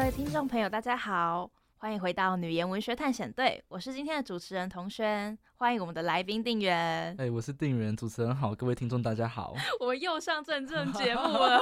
各位聽眾朋友，大家好，歡迎回到女研文學探險隊，我是今天的主持人彤軒，歡迎我們的來賓定元。哎、欸，我是定元，主持人好，各位聽眾大家好， 我們又上正正節目了。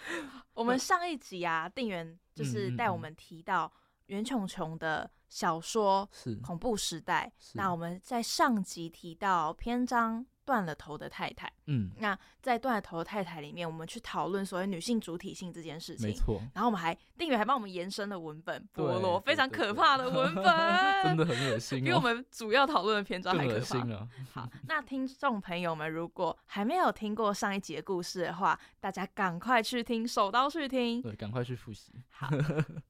我們上一集啊， 定元就是帶我們提到袁瓊瓊的小說是《恐怖時代》，那我們在上集提到篇章。斷了頭的太太。嗯，那在斷了頭的太太裡面，我們去討論所謂女性主體性這件事情，沒錯。然後我們還定元還幫我們延伸了文本，菠蘿非常可怕的文本，對對對 真的很噁心哦，比我們主要討論的篇章還可怕心。好，那聽眾朋友們，如果還沒有聽過上一集的故事的話， 大家趕快去聽，手刀去聽，對，趕快去複習。 好，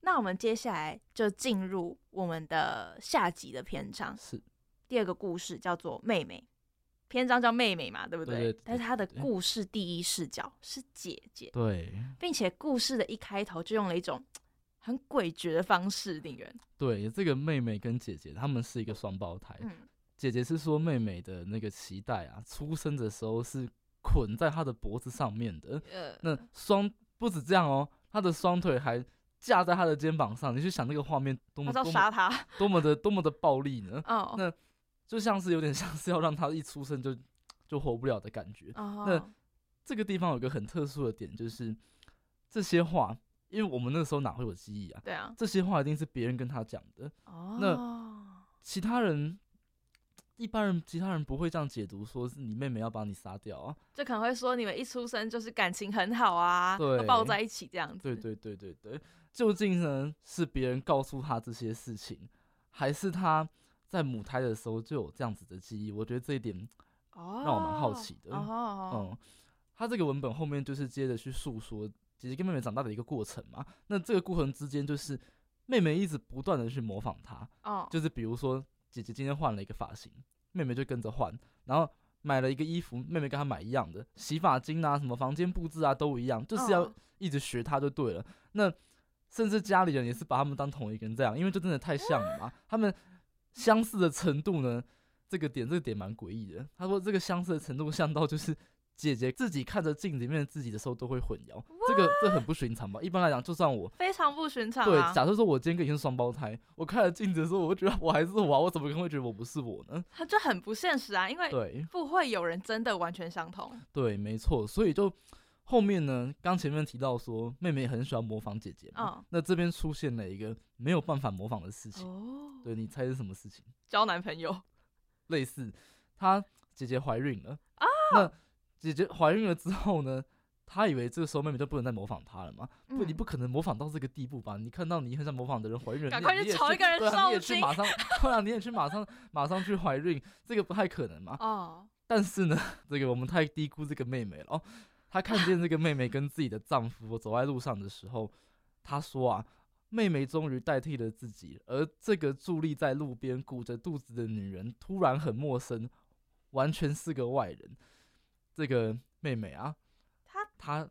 那我們接下來就進入我們的下集的篇章，是第二個故事，叫做妹妹。篇章叫妹妹嘛，對不對？對對對對對對，但是她的故事第一視角是姐姐，對，並且故事的一開頭就用了一種很詭譎的方式，令人。對，這個妹妹跟姐姐，她們是一個雙胞胎，嗯。姐姐是說妹妹的那個臍帶啊，出生的時候是捆在她的脖子上面的。呃，那雙不止這樣哦，喔，她的雙腿還架在她的肩膀上。你去想那個畫面，多麼殺她，多麼的多麼的暴力呢？ 哦，那。就像是有點像是要讓他一出生就就活不了的感覺。Uh -huh. 那這個地方有個很特殊的點，就是這些話，因為我們那時候哪會有記憶啊？對啊，這些話一定是別人跟他講的。Uh -huh. 那其他人一般人其他人不會這樣解讀，說是你妹妹要把你殺掉啊？就可能會說你們一出生就是感情很好啊，對，抱在一起這樣子。對對對對對，對，究竟呢是別人告訴他這些事情，還是他？在母胎的時候就有這樣子的記憶，我覺得這一點，讓我蠻好奇的。Oh, uh -huh, uh -huh. 嗯，他這個文本後面就是接着去訴說姐姐跟妹妹長大的一個過程嘛。那這個過程之間就是妹妹一直不斷的去模仿她，uh -huh. 就是比如說姐姐今天換了一個髮型，妹妹就跟着換；然後買了一個衣服，妹妹跟她買一樣的；洗髮精啊，什麼房間布置啊都一樣，就是要一直學她就對了。Uh -huh. 那甚至家裡人也是把他們當同一個人這樣，因為就真的太像了嘛。Uh -huh. 他們。相似的程度呢？這個點，這個點蠻詭異的。他說，這個相似的程度像到就是姐姐自己看着鏡子裡面自己的時候都會混淆。What? 這個這很不尋常吧？一般來講，就算我非常不尋常啊。對，假設說我今天跟你是雙胞胎，我看着鏡子的時候，我覺得我還是我啊，我怎麼可能會覺得我不是我呢？他就很不現實啊，因為對，不會有人真的完全相同。對，對，沒錯，所以就。後面呢？剛前面提到說妹妹也很喜歡模仿姐姐嘛，oh. 那這邊出現了一個沒有辦法模仿的事情。Oh. 對，你猜是什麼事情？交男朋友，類似她姐姐懷孕了。oh. 那姐姐懷孕了之後呢？她以為這個時候妹妹就不能再模仿她了嘛。Oh. 不，你不可能模仿到這個地步吧？你看到你很想模仿的人懷孕了趕快吵一個人你，啊，你也去馬上，後 兩、啊、你也去馬上馬上去懷孕，這個不太可能嘛。Oh. 但是呢，這個我們太低估這個妹妹了哦。她看見這個妹妹跟自己的丈夫走在路上的時候，她說：“啊，妹妹終於代替了自己，而這個佇立在路邊鼓着肚子的女人突然很陌生，完全是個外人。”這個妹妹啊，她她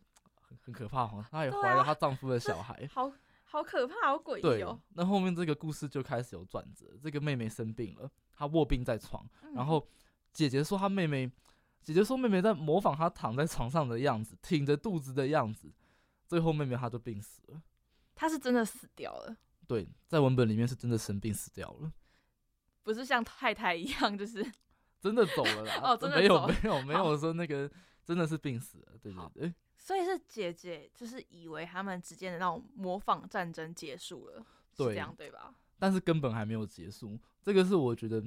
很可怕哈、喔，她也懷了她丈夫的小孩，啊、好好可怕，好詭異、喔。對哦，那後面這個故事就開始有轉折。這個妹妹生病了，她臥病在床，然後姐姐說她妹妹。姐姐說：“妹妹在模仿她躺在床上的樣子，挺着肚子的樣子。最後，妹妹她就病死了。她是真的死掉了。對，在文本裡面是真的生病死掉了，不是像太太一樣，就是真的走了啦。哦，真的沒有沒有沒有說那個真的是病死了，對對對。所以是姐姐就是以為他們之間的那種模仿戰爭結束了，對，是這樣對吧？但是根本還沒有結束。這個是我覺得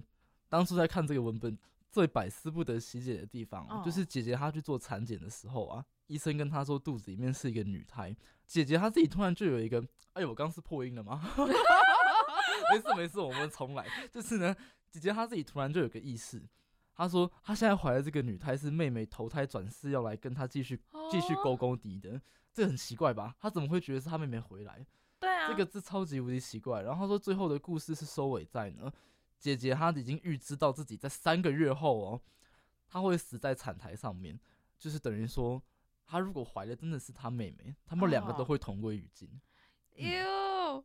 當初在看這個文本。”最百思不得其解的地方喔，就是姐姐她去做產檢的時候啊，oh. 醫生跟她說肚子裡面是一個女胎，姐姐她自己突然就有一個，哎，我剛剛是破音了嗎？ 沒事沒事，我們重來。就是呢，姐姐她自己突然就有個意識，她說她現在懷的這個女胎是妹妹投胎轉世，要來跟她繼續繼續勾勾底的，oh. 這很奇怪吧？她怎麼會覺得是她妹妹回來？對啊，這個是超級無敵奇、奇怪。然後她說最後的故事是收尾在呢。姐姐她已經預知到自己在三個月後哦，她會死在產台上面，就是等於說，她如果懷的真的是她妹妹，他們兩個都會同歸於盡。喲、哦嗯，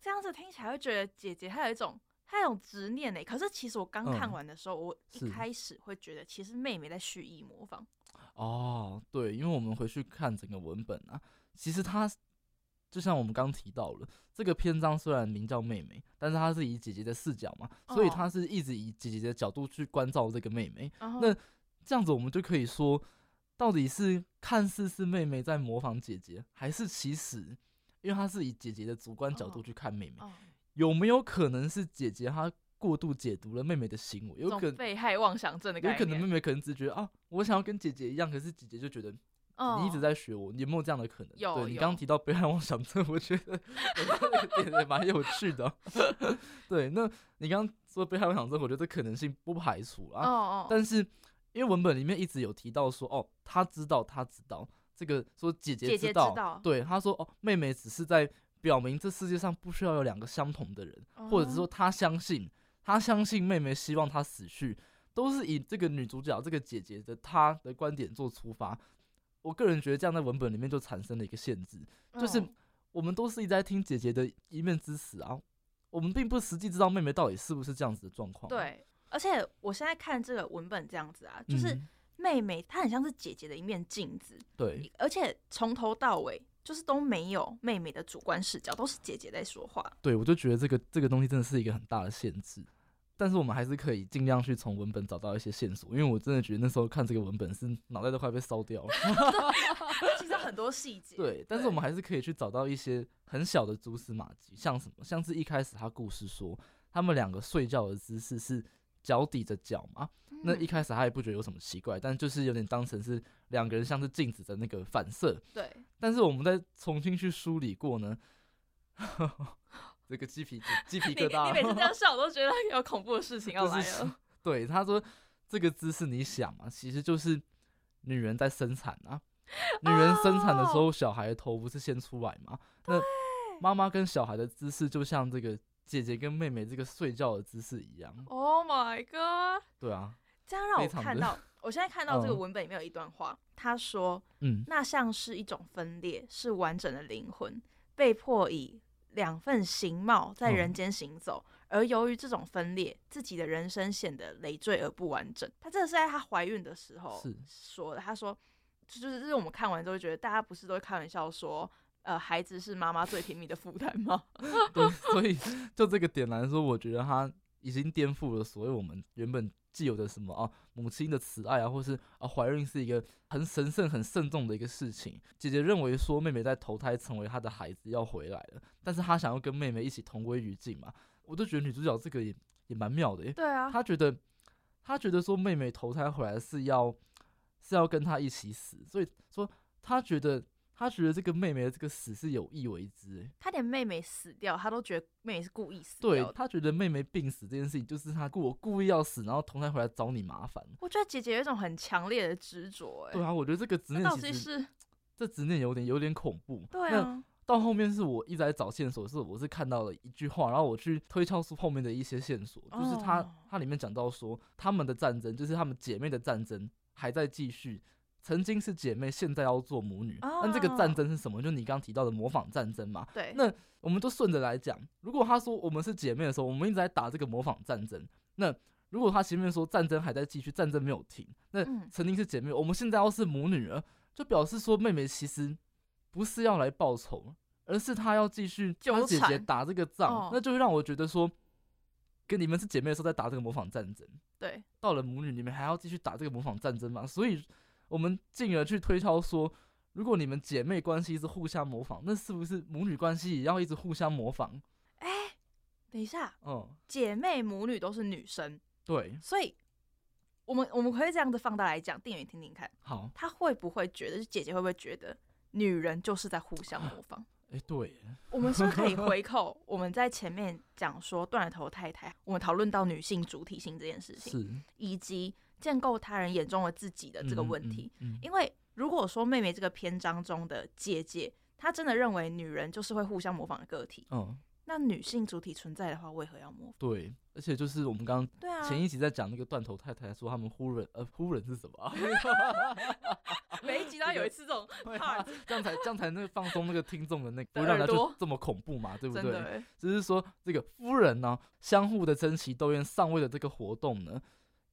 這樣子聽起來會覺得姐姐她有一種她有一種執念呢、欸。可是其實我剛看完的時候、嗯，我一開始會覺得其實妹妹在蓄意模仿。哦，對，因為我們回去看整個文本啊，其實她。就像我們剛剛提到了，這個篇章雖然名叫妹妹，但是她是以姐姐的視角嘛，oh. 所以她是一直以姐姐的角度去關照這個妹妹。Oh. 那這樣子，我們就可以說，到底是看似是妹妹在模仿姐姐，還是其實，因為她是以姐姐的主觀角度去看妹妹，oh. Oh. 有沒有可能是姐姐她過度解讀了妹妹的行為？有可能，被害妄想症的感覺，有可能妹妹可能只覺得啊，我想要跟姐姐一樣，可是姐姐就覺得。你一直在學我，有沒有這樣的可能？Oh, 對，你剛剛提到被害妄想症，我覺得也蠻有， 有趣的喔。 對，那你剛剛說被害妄想症，我覺得這可能性不排除啊。Oh, oh. 但是因為文本裡面一直有提到說，哦，她知道，她知道這個說姐姐知道，姐姐知道，對，她說哦，妹妹只是在表明這世界上不需要有兩個相同的人，oh. 或者是說她相信，她相信妹妹希望她死去，都是以這個女主角這個姐姐的她的觀點做出發。我個人覺得這樣在文本裡面就產生了一個限制，就是我們都是一直在聽姐姐的一面之詞啊，我們並不實際知道妹妹到底是不是這樣子的狀況。對，而且我現在看這個文本這樣子啊，就是妹妹，嗯，她很像是姐姐的一面鏡子。對，而且從頭到尾就是都沒有妹妹的主觀視角，都是姐姐在說話。對，我就覺得這個這個東西真的是一個很大的限制。但是我們還是可以盡量去從文本找到一些線索，因為我真的覺得那時候看這個文本是腦袋都快被燒掉了。 其實很多細節。對，但是我們還是可以去找到一些很小的蛛絲馬跡，像什麼？像是一開始他故事說他們兩個睡覺的姿勢是腳抵着腳嘛、嗯，那一開始他也不覺得有什麼奇怪，但就是有點當成是兩個人像是鏡子的那個反射。對。但是我們再重新去梳理過呢。呵呵這個雞皮雞皮疙瘩 你，你每次這樣笑，我都覺得有恐怖的事情要來了。 就是、對，他說這個姿勢，你想嘛、啊，其實就是女人在生產啊。女人生產的時候，哦、小孩的頭不是先出來嗎？那媽媽跟小孩的姿勢，就像這個姐姐跟妹妹這個睡覺的姿勢一樣。Oh my god！對啊，這樣讓我看到，我現在看到這個文本裡面有一段話，嗯、他說：“嗯，那像是一種分裂，是完整的靈魂被迫以。”兩份形貌在人間行走，嗯、而由於這種分裂，自己的人生顯得累贅而不完整。她這個是在她懷孕的時候說的，她說，就是這是我們看完之後覺得，大家不是都會開玩笑說，呃，孩子是媽媽最甜蜜的負擔嗎？ 對，所以就這個點來說，我覺得她。已經顛覆了所謂我們原本既有的什麼啊，母親的慈愛啊，或是啊懷孕是一個很神聖、很慎重的一個事情。姐姐認為說，妹妹在投胎成為她的孩子要回來了，但是她想要跟妹妹一起同歸於盡嘛？我都覺得女主角這個也也蠻妙的，對啊，她覺得她覺得說妹妹投胎回來是要是要跟她一起死，所以說她覺得。他覺得這個妹妹的這個死是有意為之，欸，他連妹妹死掉，他都覺得妹妹是故意死掉。對，他覺得妹妹病死這件事情，就是他故我故意要死，然後投胎回來找你麻煩。我覺得姐姐有一種很強烈的執着，哎，對啊，我覺得這個執念到底是，是這執念有點有點恐怖。對，啊，那到後面是我一直在找線索，是我是看到了一句話，然後我去推敲出後面的一些線索，就是他，oh. 他裡面講到說，他們的戰爭就是他們姐妹的戰爭還在繼續。曾經是姐妹，現在要做母女。那、哦、這個戰爭是什麼？就你剛剛提到的模仿戰爭嘛。對。那我們就順着來講，如果她說我們是姐妹的時候，我們一直在打這個模仿戰爭。那如果她前面說戰爭還在繼續，戰爭沒有停，那曾經是姐妹、嗯，我們現在要是母女了，就表示說妹妹其實不是要來報仇，而是她要繼續和姐姐打這個仗。那就會讓我覺得說，跟你們是姐妹的時候在打這個模仿戰爭。對。到了母女，你們還要繼續打這個模仿戰爭嗎？所以。我們進而去推敲說，如果你們姐妹關係一直互相模仿，那是不是母女關係也要一直互相模仿？哎、欸，等一下、嗯，姐妹母女都是女生，對，所以我們我們可以這樣子放大來講，定元聽聽看，好，她會不會覺得，姐姐會不會覺得，女人就是在互相模仿？啊哎、欸，對， 我們是不是可以回扣。我們在前面講說斷了頭太太，我們討論到女性主體性這件事情，以及建構他人眼中的自己的這個問題、嗯嗯嗯。因為如果說妹妹這個篇章中的姐姐，她真的認為女人就是會互相模仿的個體，哦那女性主體存在的話，為何要模仿？對，而且就是我們剛剛前一集在講那個斷頭太太說，說他們夫人呃，夫人是什麼？ 每一集都有一次這種、啊，這樣才這樣才那個放鬆那個聽眾的那個讓耳朵，這麼恐怖嘛？對,對,對不對？只、就是說這個夫人呢、啊，相互的爭奇鬥豔上位的這個活動呢，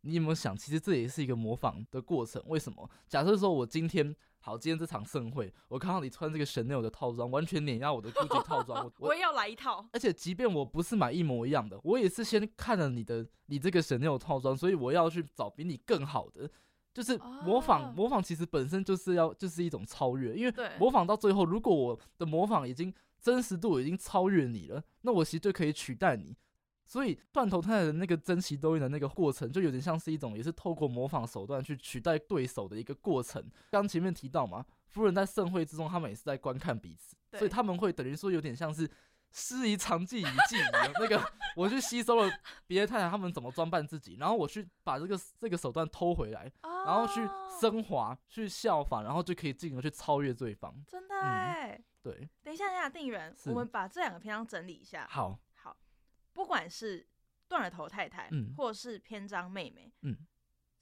你有沒有想，其實這也是一個模仿的過程？為什麼？假設說我今天。好，今天這場盛會，我看到你穿這個神 l 的套裝，完全碾壓我的酷姐套裝。我我，我也要來一套。而且，即便我不是買一模一樣的，我也是先看了你的，你這個神 l 套裝，所以我要去找比你更好的。就是模仿、哦，模仿其實本身就是要，就是一種超越。因為模仿到最後，如果我的模仿已經真實度已經超越你了，那我其實就可以取代你。所以斷頭太太的那個爭奇鬥豔的那個過程，就有點像是一種，也是透過模仿手段去取代對手的一個過程。剛前面提到嘛，夫人在盛會之中，他們也是在觀看彼此，所以他們會等於說有點像是師夷長技以技那個， 我去吸收了別的太太他們怎麼裝扮自己，然後我去把這個這個手段偷回來，oh、然後去升華，去效仿，然後就可以進而去超越對方。真的哎、嗯，對。等一下，等下定元，我們把這兩個篇章整理一下。好。不管是斷了頭太太，嗯，或者是篇章妹妹，嗯，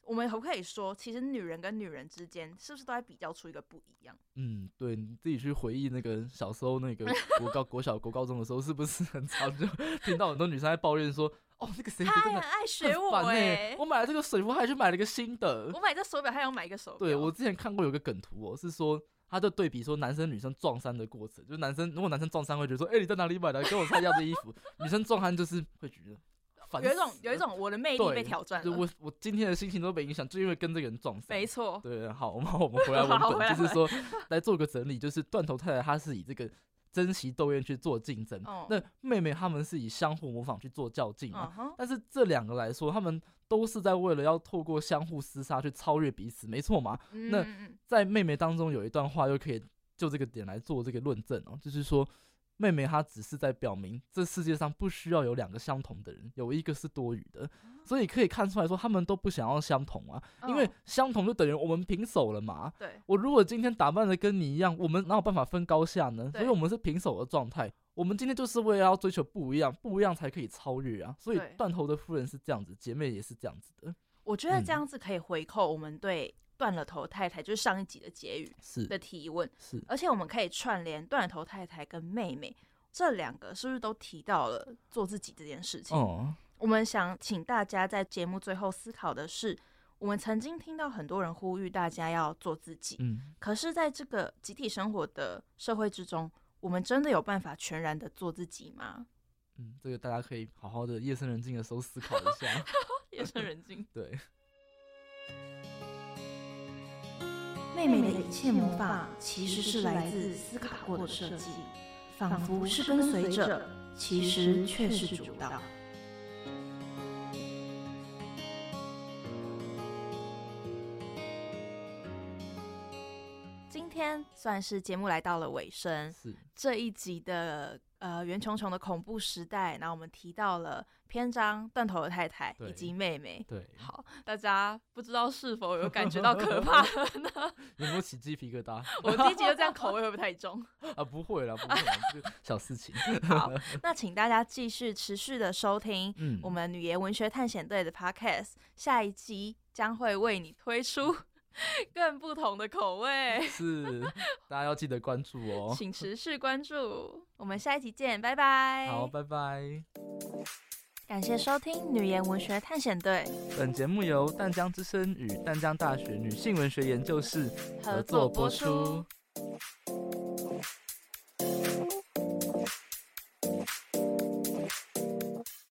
我們可不可以說，其實女人跟女人之間，是不是都在比較出一個不一樣？嗯，對你自己去回憶那個小時候，那個國高、 國小、國高中的時候，是不是很常就聽到很多女生在抱怨說， 哦，那個誰，他很愛學我哎、欸，我買了這個水壺，還去買了個新的，我買這手表，還想買一個手表。對，我之前看過有個梗圖哦、喔，是說。他就對比說，男生女生撞衫的過程，就是男生如果男生撞衫會覺得說，哎、欸，你在哪裡買的？跟我穿一樣的衣服。 女生撞衫就是會覺得，有一種有一種我的魅力被挑戰了，就我我今天的心情都被影響，就因為跟這個人撞衫。沒錯。對，好，我們我們回來 文本，就是說，來做個整理， 就是斷頭太太，他是以這個。爭奇鬥豔去做競爭，oh. 那妹妹她們是以相互模仿去做較勁，啊，uh-huh. 但是這兩個來說，他們都是在為了要透過相互厮殺去超越彼此，沒錯嘛？那在妹妹當中有一段話，又可以就這個點來做這個論證哦，就是說。妹妹她只是在表明，這世界上不需要有兩個相同的人，有一個是多餘的，嗯、所以可以看出來說，他們都不想要相同啊，哦，因為相同就等於我們平手了嘛。對，我如果今天打扮的跟你一樣，我們哪有辦法分高下呢？所以我們是平手的狀態。我們今天就是為了要追求不一樣，不一樣才可以超越啊。所以斷頭的夫人是這樣子，姐妹也是這樣子的。我覺得這樣子可以回扣我們。對。嗯斷了頭太太就是上一集的結語的提問，是，是，而且我們可以串聯斷了頭太太跟妹妹這兩個，是不是都提到了做自己這件事情？哦，我們想請大家在節目最後思考的是，我們曾經聽到很多人呼籲大家要做自己，嗯，可是在這個集體生活的社會之中，我們真的有辦法全然的做自己嗎？嗯，這個大家可以好好的夜深人靜的時候思考一下， 夜深人靜， 對。妹妹的一切魔法，其實是來自思考過的設計，仿佛是跟隨者，其實卻是主導。今天算是節目來到了尾聲，是這一集的。呃，袁瓊瓊的《恐怖時代》，然後我們提到了篇章《斷頭的太太》以及妹妹對。對，好，大家不知道是否有感覺到可怕呢？有沒有起雞皮疙瘩？我第一集就這樣，口味會不會太重 啊？不會啦，不會啦 小事情， 好，那請大家繼續持續的收聽我們女研文學探險隊的 Podcast、嗯、下一集將會為你推出。更不同的口味是，大家要記得關注哦， 請持續關注，我們下一集見，拜拜。好，拜拜。感謝收聽《女研文學探險隊》，本節目由淡江之聲與淡江大學女性文學研究室合作播出。